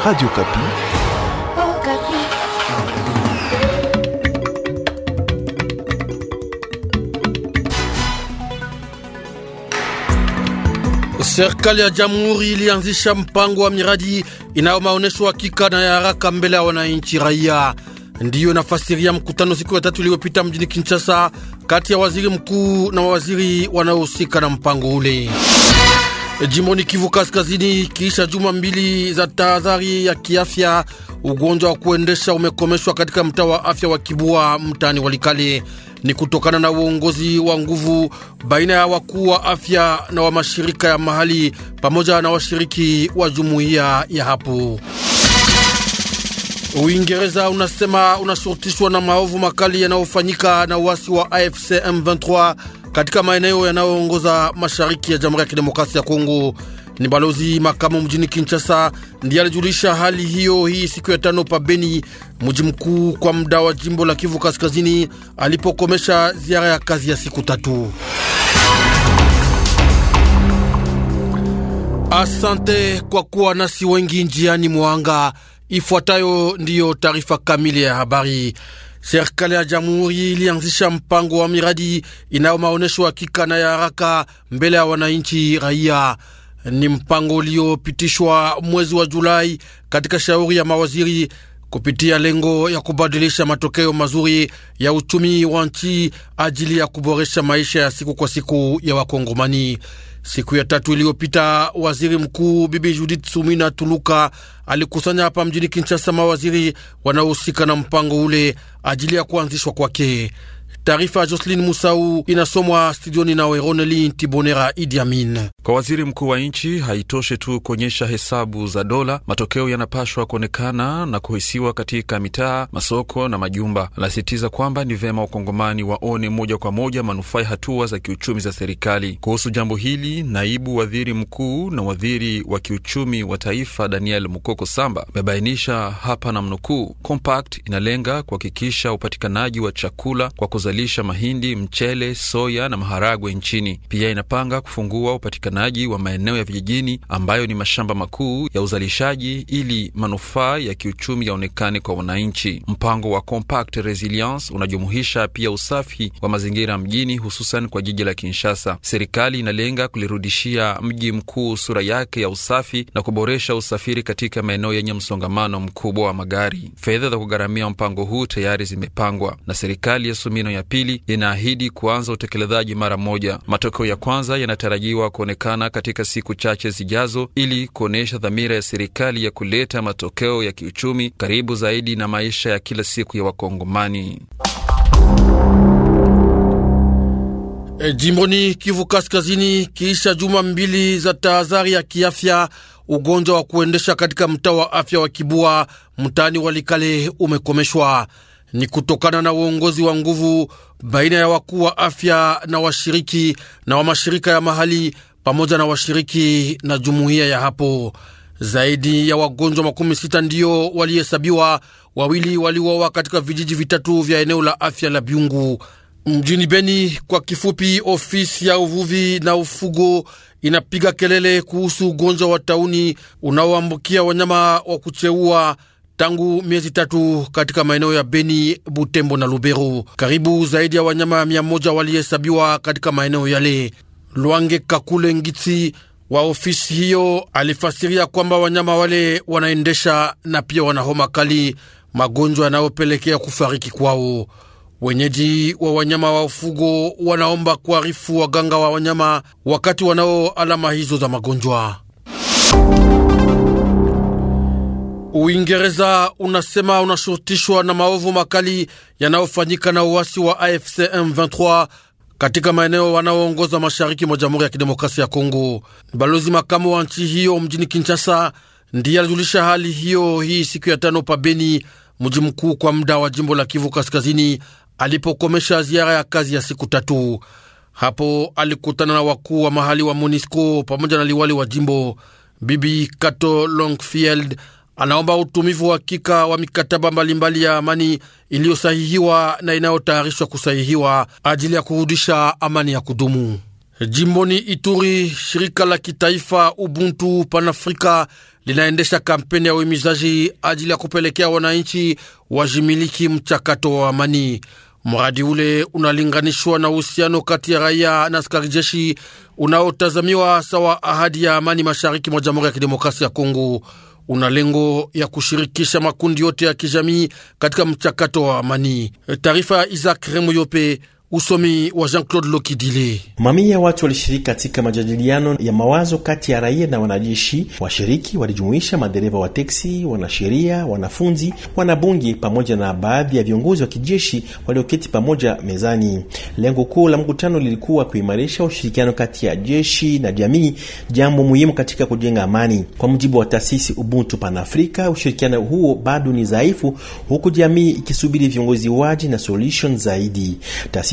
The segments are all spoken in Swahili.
Radio Kapi. Oh, Kapi. Serikali ya Jamhuri ilianzisha mpango wa miradi inayo maonesho hakika na ya haraka mbele ya wananchi raia. Ndiyo nafasiria mkutano siku ya tatu iliyopita mjini Kinshasa kati ya waziri mkuu na waziri wanaohusika na mpango ule. Eh, jimboni Kivu Kaskazini, kiisha juma mbili za tahadhari ya kiafya, ugonjwa wa kuendesha umekomeshwa katika mtaa wa afya wa Kibua mtaani Walikale. Ni kutokana na uongozi wa nguvu baina ya wakuu wa afya na wa mashirika ya mahali pamoja na washiriki wa jumuiya ya hapo. Uingereza unasema unashurutishwa na maovu makali yanayofanyika na uasi wa AFC M23 katika maeneo yanayoongoza mashariki ya Jamhuri ya Kidemokrasia ya Kongo. Ni balozi makamu mjini Kinshasa ndiye alijulisha hali hiyo hii siku ya tano pa Beni, mji mkuu kwa muda wa jimbo la Kivu Kaskazini, alipokomesha ziara ya kazi ya siku tatu. Asante kwa kuwa nasi wengi njiani mwanga. Ifuatayo ndiyo taarifa kamili ya habari. Serikali ya jamhuri ilianzisha mpango wa miradi inayo maonesho hakika na ya haraka mbele ya wananchi raia. Ni mpango uliopitishwa mwezi wa Julai katika shauri ya mawaziri kupitia lengo ya kubadilisha matokeo mazuri ya uchumi wa nchi ajili ya kuboresha maisha ya siku kwa siku ya Wakongomani. Siku ya tatu iliyopita, waziri mkuu Bibi Judith Sumina Tuluka alikusanya hapa mjini Kinshasa mawaziri wanaohusika na mpango ule ajili ya kuanzishwa kwake. Taarifa ya Musau inasomwa studioni nawe roneli Tibonera Idi Amin. Kwa waziri mkuu wa nchi haitoshe tu kuonyesha hesabu za dola, matokeo yanapashwa kuonekana na kuhisiwa katika mitaa, masoko na majumba. Anasisitiza kwamba ni vyema wakongomani waone moja kwa moja manufaa ya hatua za kiuchumi za serikali. Kuhusu jambo hili, naibu waziri mkuu na waziri wa kiuchumi wa taifa Daniel Mukoko Samba amebainisha hapa na mnukuu, compact inalenga kuhakikisha upatikanaji wa chakula kwa kuzalisha mahindi, mchele, soya na maharagwe nchini. Pia inapanga kufungua upatikanaji wa maeneo ya vijijini ambayo ni mashamba makuu ya uzalishaji ili manufaa ya kiuchumi yaonekane kwa wananchi. Mpango wa Compact Resilience unajumuisha pia usafi wa mazingira mjini, hususan kwa jiji la Kinshasa. Serikali inalenga kulirudishia mji mkuu sura yake ya usafi na kuboresha usafiri katika maeneo yenye msongamano mkubwa wa magari. Fedha za kugharamia mpango huu tayari zimepangwa na serikali ya Sumino awamu ya pili inaahidi kuanza utekelezaji mara moja. Matokeo ya kwanza yanatarajiwa kuonekana katika siku chache zijazo, ili kuonyesha dhamira ya serikali ya kuleta matokeo ya kiuchumi karibu zaidi na maisha ya kila siku ya Wakongomani. E, jimboni Kivu Kaskazini, kiisha juma mbili za tahadhari ya kiafya, ugonjwa wa kuendesha katika mtaa wa afya wa Kibua mtaani Walikale umekomeshwa ni kutokana na uongozi wa nguvu baina ya wakuu wa afya na washiriki na wa mashirika ya mahali pamoja na washiriki na jumuiya ya hapo. Zaidi ya wagonjwa makumi sita ndiyo walihesabiwa, wawili waliuawa katika vijiji vitatu vya eneo la afya la Byungu mjini Beni. Kwa kifupi, ofisi ya uvuvi na ufugo inapiga kelele kuhusu ugonjwa wa tauni unaoambukia wanyama wa kucheua tangu miezi tatu katika maeneo ya Beni, Butembo na Lubero. Karibu zaidi ya wanyama mia moja walihesabiwa katika maeneo yale. Lwange Kakule Ngitsi wa ofisi hiyo alifasiria kwamba wanyama wale wanaendesha na pia wana homa kali, magonjwa yanayopelekea kufariki kwao. Wenyeji wa wanyama wa ufugo wanaomba kuarifu waganga wa wanyama wakati wanao alama hizo za magonjwa. Uingereza unasema unashurutishwa na maovu makali yanayofanyika na uasi wa AFC M23 katika maeneo wanaoongoza mashariki mwa Jamhuri ya Kidemokrasia ya Kongo. Balozi makamu wa nchi hiyo mjini Kinshasa ndiye alijulisha hali hiyo hii siku ya tano pabeni, mji mkuu kwa muda wa jimbo la Kivu Kaskazini, alipokomesha ziara ya kazi ya siku tatu. Hapo alikutana na wakuu wa mahali wa MONUSCO pamoja na liwali wa jimbo Bibi Kato Longfield anaomba utumivu wa hakika wa mikataba mbalimbali ya amani iliyosahihiwa na inayotayarishwa kusahihiwa ajili ya kurudisha amani ya kudumu. Jimboni Ituri, shirika la kitaifa Ubuntu Panafrika linaendesha kampeni ya uhimizaji ajili ya kupelekea wananchi wajimiliki mchakato wa amani. Mradi ule unalinganishwa na uhusiano kati ya raia na askari jeshi unaotazamiwa sawa ahadi ya amani mashariki mwa Jamhuri ya Kidemokrasia ya Kongo una lengo ya kushirikisha makundi yote ya kijamii katika mchakato wa amani. E, taarifa ya Isaac Remoyope Usomi wa Jean-Claude Lokidile. Mamia ya watu walishiriki katika majadiliano ya mawazo kati ya raia na wanajeshi. Washiriki walijumuisha madereva wa teksi, wanasheria, wanafunzi, wanabunge pamoja na baadhi ya viongozi wa kijeshi walioketi pamoja mezani. Lengo kuu la mkutano lilikuwa kuimarisha ushirikiano kati ya jeshi na jamii, jambo muhimu katika kujenga amani. Kwa mujibu wa taasisi Ubuntu Panafrika, ushirikiano huo bado ni dhaifu, huku jamii ikisubiri viongozi waji na solution zaidi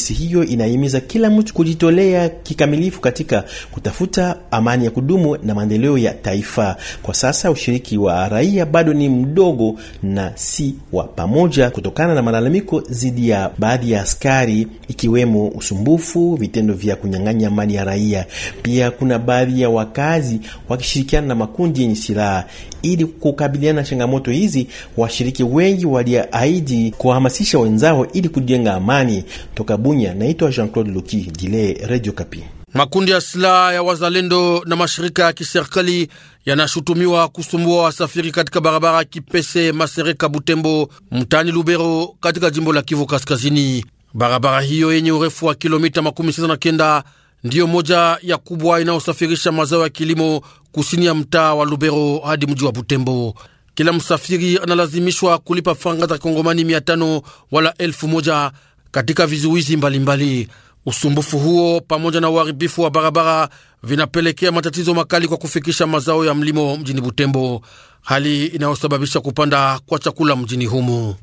taasisi hiyo inahimiza kila mtu kujitolea kikamilifu katika kutafuta amani ya kudumu na maendeleo ya taifa. Kwa sasa ushiriki wa raia bado ni mdogo na si wa pamoja, kutokana na malalamiko dhidi ya baadhi ya askari, ikiwemo usumbufu, vitendo vya kunyang'anya mali ya raia. Pia kuna baadhi ya wakazi wakishirikiana na makundi yenye silaha. Ili kukabiliana na changamoto hizi, washiriki wengi waliahidi kuwahamasisha wenzao ili kujenga amani toka Bunya, naitwa Jean-Claude Loki dile Radio Kapi. Makundi ya silaha ya wazalendo na mashirika ya kiserikali yanashutumiwa kusumbua wasafiri katika barabara Kipese Masereka Butembo mtani Lubero katika jimbo la Kivu Kaskazini. Barabara hiyo yenye urefu wa kilomita makumi sita na kenda ndiyo moja ya kubwa inayosafirisha mazao ya kilimo kusini ya mtaa wa Lubero hadi mji wa Butembo. Kila msafiri analazimishwa kulipa franga za Kongomani mia tano wala elfu moja katika vizuizi mbalimbali mbali. Usumbufu huo pamoja na uharibifu wa barabara vinapelekea matatizo makali kwa kufikisha mazao ya mlimo mjini Butembo, hali inayosababisha kupanda kwa chakula mjini humo.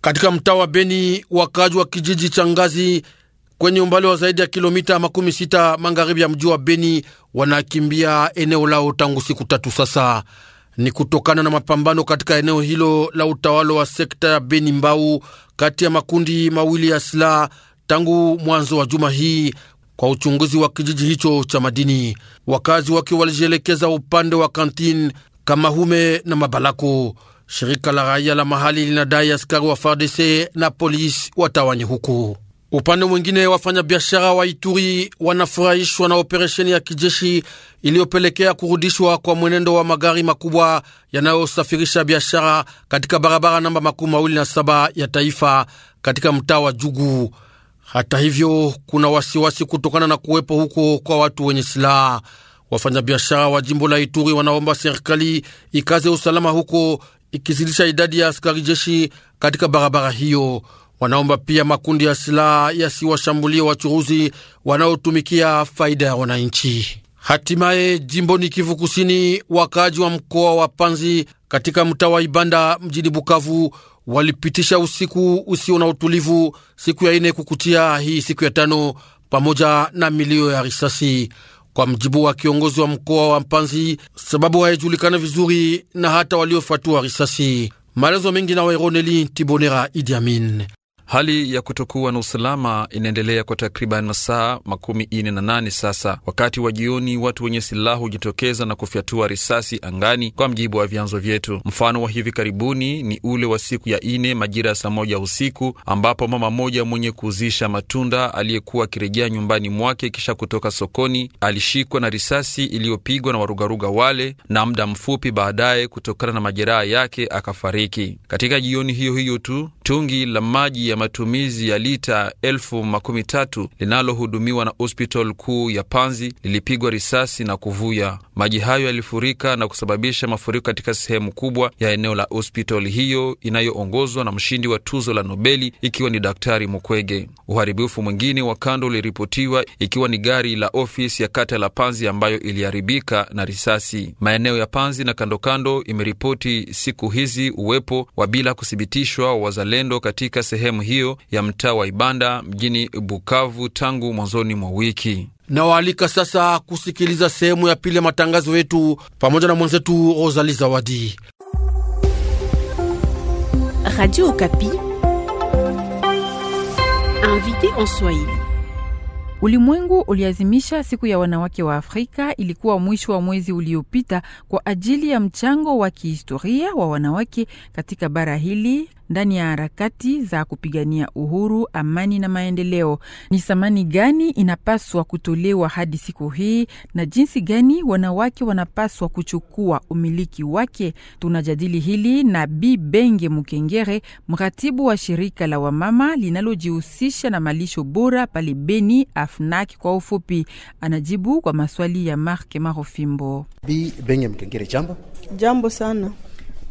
Katika mtaa wa Beni, wakaaji wa kijiji cha Ngazi kwenye umbali wa zaidi ya kilomita makumi sita magharibi ya mji wa Beni wanakimbia eneo lao tangu siku tatu sasa. Ni kutokana na mapambano katika eneo hilo la utawala wa sekta ya Beni Mbau kati ya makundi mawili ya silaha tangu mwanzo wa juma hii kwa uchunguzi wa kijiji hicho cha madini. Wakazi wake walijielekeza upande wa Kantin, Kamahume na Mabalako. Shirika la raia la mahali linadai askari wa FARDC na polisi watawanye huku. Upande mwingine, biashara wa Ituri wanafurahishwa na operesheni ya kijeshi iliyopelekea kurudishwa kwa mwenendo wa magari makubwa yanayosafirisha biashara katika barabara namba makumi mawili na saba ya taifa katika mtaa wa Jugu. Hata hivyo, kuna wasiwasi kutokana na kuwepo huko kwa watu wenye silaha. Wafanyabiashara wa jimbo la Ituri wanaomba serikali ikaze usalama huko, ikizidisha idadi ya askari jeshi katika barabara hiyo. Wanaomba pia makundi ya silaha yasiwashambulie wachuruzi wanaotumikia faida ya wananchi. Hatimaye jimboni Kivu Kusini, wakaaji wa mkoa wa Panzi katika mtaa wa Ibanda mjini Bukavu walipitisha usiku usio na utulivu siku ya ine kukutia hii siku ya tano, pamoja na milio ya risasi. Kwa mjibu wa kiongozi wa mkoa wa Mpanzi, sababu haijulikana vizuri na hata waliofatua risasi. Maelezo mengi na Waironeli Tibonera Idi Amin. Hali ya kutokuwa na usalama inaendelea kwa takriban masaa makumi ine na nane sasa. Wakati wa jioni, watu wenye silaha hujitokeza na kufyatua risasi angani, kwa mjibu wa vyanzo vyetu. Mfano wa hivi karibuni ni ule wa siku ya ine majira ya saa moja usiku, ambapo mama mmoja mwenye kuuzisha matunda aliyekuwa akirejea nyumbani mwake kisha kutoka sokoni alishikwa na risasi iliyopigwa na warugaruga wale, na muda mfupi baadaye, kutokana na majeraha yake, akafariki. Katika jioni hiyo hiyo tu Tungi la maji ya matumizi ya lita elfu makumi tatu linalohudumiwa na hospital kuu ya Panzi lilipigwa risasi na kuvuja. Maji hayo yalifurika na kusababisha mafuriko katika sehemu kubwa ya eneo la hospitali hiyo inayoongozwa na mshindi wa tuzo la Nobeli ikiwa ni Daktari Mukwege. Uharibifu mwingine wa kando uliripotiwa ikiwa ni gari la ofisi ya kata la Panzi ambayo iliharibika na risasi. Maeneo ya Panzi na kandokando imeripoti siku hizi uwepo wa bila kuthibitishwa wazalendo wazalendo katika sehemu hiyo ya mtaa wa Ibanda mjini Bukavu tangu mwanzoni mwa wiki. Nawaalika sasa kusikiliza sehemu ya pili ya matangazo yetu pamoja na mwenzetu Rosali Zawadi. Ulimwengu uliazimisha siku ya wanawake wa Afrika ilikuwa mwisho wa mwezi uliopita kwa ajili ya mchango wa kihistoria wa wanawake katika bara hili ndani ya harakati za kupigania uhuru, amani na maendeleo. Ni thamani gani inapaswa kutolewa hadi siku hii na jinsi gani wanawake wanapaswa kuchukua umiliki wake? Tunajadili hili na Bi Benge Mukengere, mratibu wa shirika la wamama linalojihusisha na malisho bora pale Beni, AFNAK kwa ufupi. Anajibu kwa maswali ya Mark Marofimbo. Bi Benge Mukengere, jambo. Jambo sana.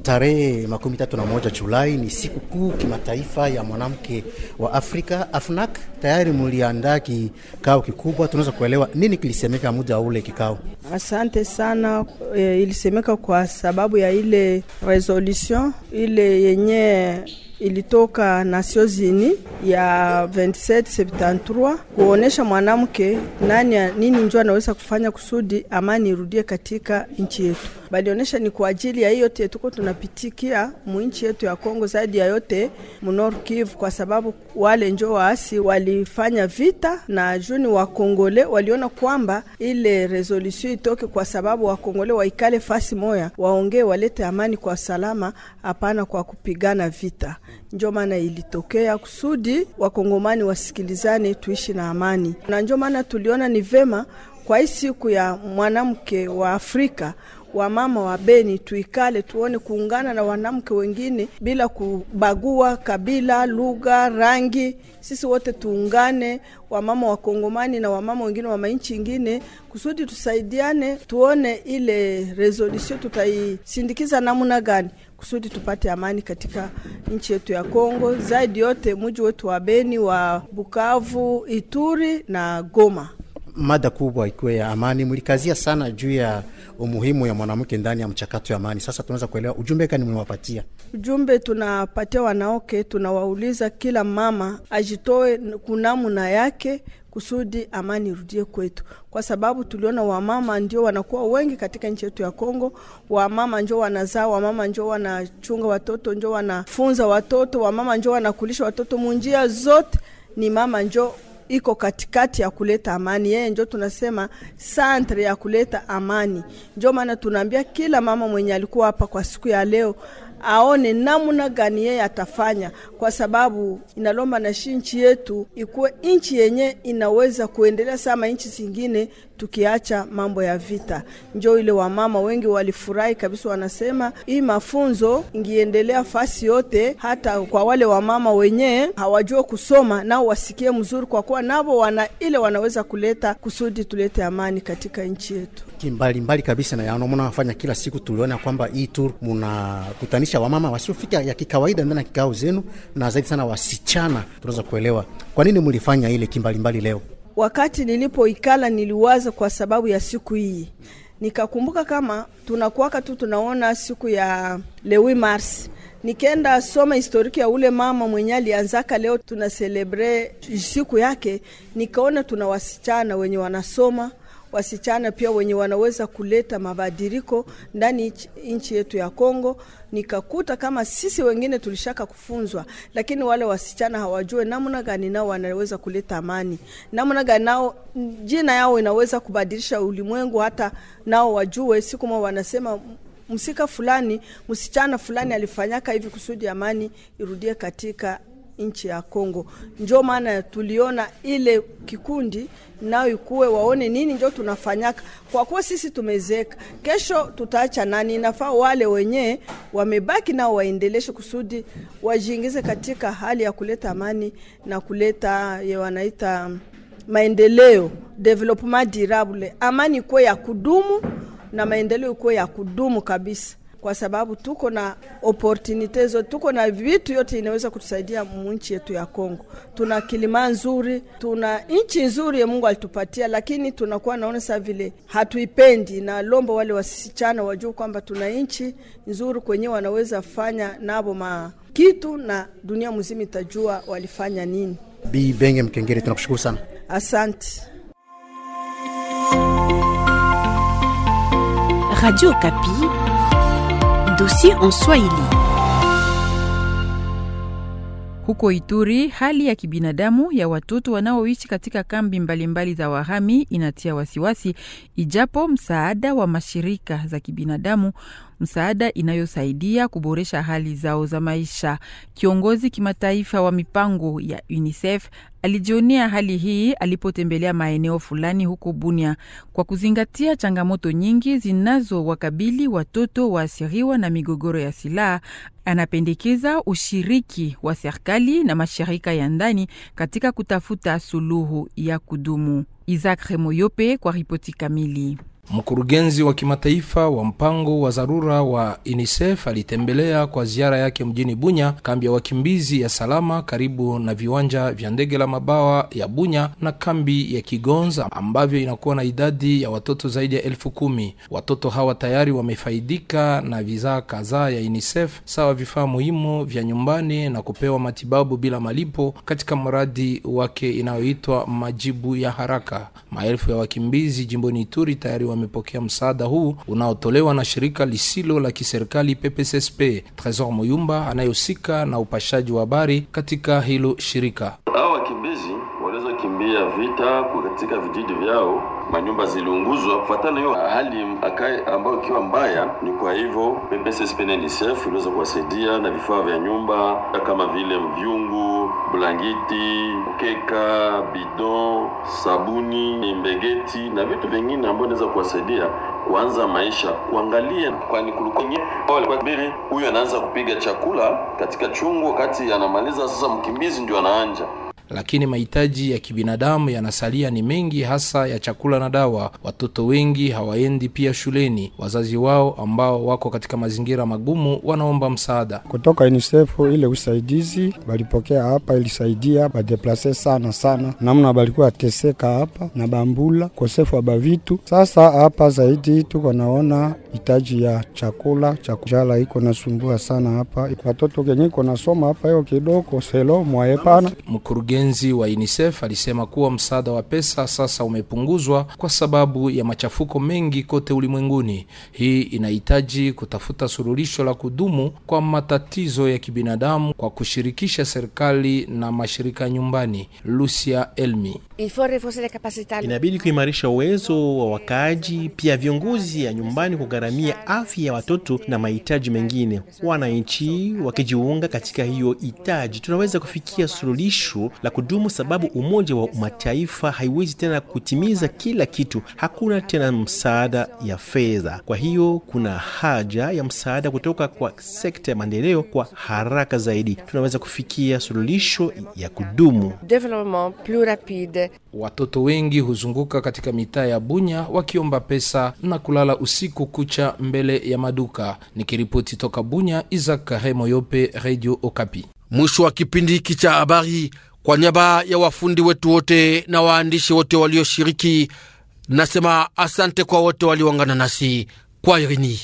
Tarehe makumi tatu na moja Julai ni siku kuu kimataifa ya mwanamke wa Afrika. AFNAK tayari muliandaa kikao kikubwa, tunaweza kuelewa nini kilisemeka muda ule kikao? Asante sana. E, ilisemeka kwa sababu ya ile resolution ile yenye ilitoka Nations Unies ya 2773 kuonesha mwanamke nani nini njo anaweza kufanya kusudi amani irudie katika nchi yetu balionesha ni kwa ajili ya yote tuko tunapitikia mwinchi yetu ya Kongo, zaidi ya yote Nord Kivu, kwa sababu wale njo waasi walifanya vita na juni wa Kongole waliona kwamba ile resolution itoke, kwa sababu wa Kongole waikale fasi moya, waongee, walete amani kwa salama, hapana kwa kupigana vita. Njo maana ilitokea kusudi Wakongomani wasikilizane, tuishi na amani, na njo maana tuliona ni vema kwa hii siku ya mwanamke wa Afrika wamama wa Beni tuikale tuone kuungana na wanamke wengine bila kubagua kabila, lugha, rangi. Sisi wote tuungane, wamama wa Kongomani na wamama wengine wa manchi ingine, kusudi tusaidiane, tuone ile resolution tutaisindikiza namna gani kusudi tupate amani katika nchi yetu ya Kongo, zaidi yote muji wetu wa Beni, wa Bukavu, Ituri na Goma mada kubwa ikiwa ya amani. Mlikazia sana juu ya umuhimu ya mwanamke ndani ya mchakato ya amani. Sasa tunaweza kuelewa ujumbe gani mmewapatia? Ujumbe tunapatia wanawake, tunawauliza kila mama ajitoe kunamuna yake kusudi amani irudie kwetu, kwa sababu tuliona wamama ndio wanakuwa wengi katika nchi yetu ya Kongo. Wamama njo wanazaa, wamama njo wanachunga watoto, njo wanafunza watoto, wamama njo wanakulisha watoto munjia zote, ni mama njo iko katikati ya kuleta amani. Yeye njo tunasema centre ya kuleta amani. Njo maana tunaambia kila mama mwenye alikuwa hapa kwa siku ya leo aone namna gani yeye atafanya, kwa sababu inalomba na shi nchi yetu ikuwe nchi yenye inaweza kuendelea sama nchi zingine, tukiacha mambo ya vita. Njo ile wamama wengi walifurahi kabisa, wanasema hii mafunzo ingiendelea fasi yote, hata kwa wale wamama wenyewe hawajua kusoma, nao wasikie mzuri, kwa kuwa navo wana ile wanaweza kuleta kusudi tulete amani katika nchi yetu kimbalimbali kabisa, na yanomona wafanya kila siku. Tuliona kwamba hii tour munakutanisha kushirikisha wamama wasiofika ya kikawaida ndani ya kikao zenu, na zaidi sana wasichana, tunaweza kuelewa kwa nini mlifanya ile kimbalimbali leo. Wakati nilipoikala niliwaza kwa sababu ya siku hii nikakumbuka kama tunakuwaka tu tunaona siku ya lewi mars, nikenda soma historiki ya ule mama mwenye alianzaka leo tunaselebre siku yake, nikaona tuna wasichana wenye wanasoma wasichana pia wenye wanaweza kuleta mabadiliko ndani nchi yetu ya Kongo. Nikakuta kama sisi wengine tulishaka kufunzwa, lakini wale wasichana hawajue namna gani nao wanaweza kuleta amani, namna gani nao jina yao inaweza kubadilisha ulimwengu, hata nao wajue siku moja wanasema msika fulani msichana fulani alifanyaka hivi kusudi amani irudie katika nchi ya Kongo. Njo maana tuliona ile kikundi nao ikuwe waone nini njo tunafanyaka, kwa kuwa sisi tumezeeka. Kesho tutaacha nani? Inafaa wale wenye wamebaki nao waendeleshe kusudi wajiingize katika hali ya kuleta amani na kuleta ye wanaita maendeleo, development durable. Amani ikuwe ya kudumu na maendeleo ikuwe ya kudumu kabisa kwa sababu tuko na opportunity zote, tuko na vitu yote inaweza kutusaidia munchi yetu ya Kongo. Tuna kilima nzuri, tuna nchi nzuri ya Mungu alitupatia, lakini tunakuwa naona saa vile hatuipendi. Na lomba wale wasichana wajua kwamba tuna nchi nzuri kwenye wanaweza fanya nabo ma kitu na dunia mzima itajua walifanya nini. Bi Benge Mkengere, tunakushukuru sana, asante. Radio Kapi dossier en Swahili. Huko Ituri, hali ya kibinadamu ya watoto wanaoishi katika kambi mbalimbali mbali za wahami inatia wasiwasi, ijapo msaada wa mashirika za kibinadamu msaada inayosaidia kuboresha hali zao za maisha. Kiongozi kimataifa wa mipango ya UNICEF alijionea hali hii alipotembelea maeneo fulani huko Bunia, kwa kuzingatia changamoto nyingi zinazowakabili watoto waasiriwa na migogoro ya silaha. Anapendekeza ushiriki wa serikali na mashirika ya ndani katika kutafuta suluhu ya kudumu. Isaac Remoyope kwa ripoti kamili. Mkurugenzi wa kimataifa wa mpango wa dharura wa UNICEF alitembelea kwa ziara yake mjini Bunya kambi ya wakimbizi ya Salama karibu na viwanja vya ndege la mabawa ya Bunya na kambi ya Kigonza ambavyo inakuwa na idadi ya watoto zaidi ya elfu kumi. Watoto hawa tayari wamefaidika na vizaa kadhaa ya UNICEF sawa vifaa muhimu vya nyumbani na kupewa matibabu bila malipo katika mradi wake inayoitwa majibu ya haraka. Maelfu ya wakimbizi jimboni Ituri tayari wa wamepokea msaada huu unaotolewa na shirika lisilo la kiserikali PPSSP. Tresor Muyumba anayehusika na upashaji wa habari katika hilo shirika. Hao wakimbizi walizokimbia vita katika vijiji vyao manyumba ziliunguzwa kufuatana hiyo hali ambayo ikiwa mbaya. Ni kwa hivyo PPSSP na UNICEF iliweza kuwasaidia na vifaa vya nyumba kama vile vyungu blangiti, mkeka, bidon, sabuni, imbegeti na vitu vingine ambavyo inaweza kuwasaidia kuanza maisha, kuangalia, kwani kulikuwabili huyu anaanza kupiga chakula katika chungu wakati anamaliza. Sasa mkimbizi ndio anaanja lakini mahitaji ya kibinadamu yanasalia ni mengi, hasa ya chakula na dawa. Watoto wengi hawaendi pia shuleni. Wazazi wao ambao wako katika mazingira magumu wanaomba msaada kutoka UNICEF. Ile usaidizi balipokea hapa ilisaidia badeplase sana sana, namna balikuwa teseka hapa na bambula kosefu wa bavitu. Sasa hapa zaidi tuko naona hitaji ya chakula cha kujala iko nasumbua sana hapa, watoto kenye iko nasoma hapa hiyo kidogo selo mwaepana mkurugenzi mkurugenzi wa UNICEF alisema kuwa msaada wa pesa sasa umepunguzwa kwa sababu ya machafuko mengi kote ulimwenguni. Hii inahitaji kutafuta suluhisho la kudumu kwa matatizo ya kibinadamu kwa kushirikisha serikali na mashirika nyumbani. Lucia Elmi: inabidi kuimarisha uwezo wa wakaaji, pia viongozi ya nyumbani kugharamia afya ya watoto na mahitaji mengine. Wananchi wakijiunga katika hiyo hitaji, tunaweza kufikia suluhisho la kudumu, sababu Umoja wa Mataifa haiwezi tena kutimiza kila kitu. Hakuna tena msaada ya fedha, kwa hiyo kuna haja ya msaada kutoka kwa sekta ya maendeleo kwa haraka zaidi. Tunaweza kufikia suluhisho ya kudumu. Watoto wengi huzunguka katika mitaa ya Bunya wakiomba pesa na kulala usiku kucha mbele ya maduka. Nikiripoti toka Bunya, Isaac Karemoyope, Radio Okapi. Mwisho wa kipindi hiki cha habari. Kwa niaba ya wafundi wetu wote na waandishi wote walioshiriki, nasema asante kwa wote waliongana nasi kwa irini.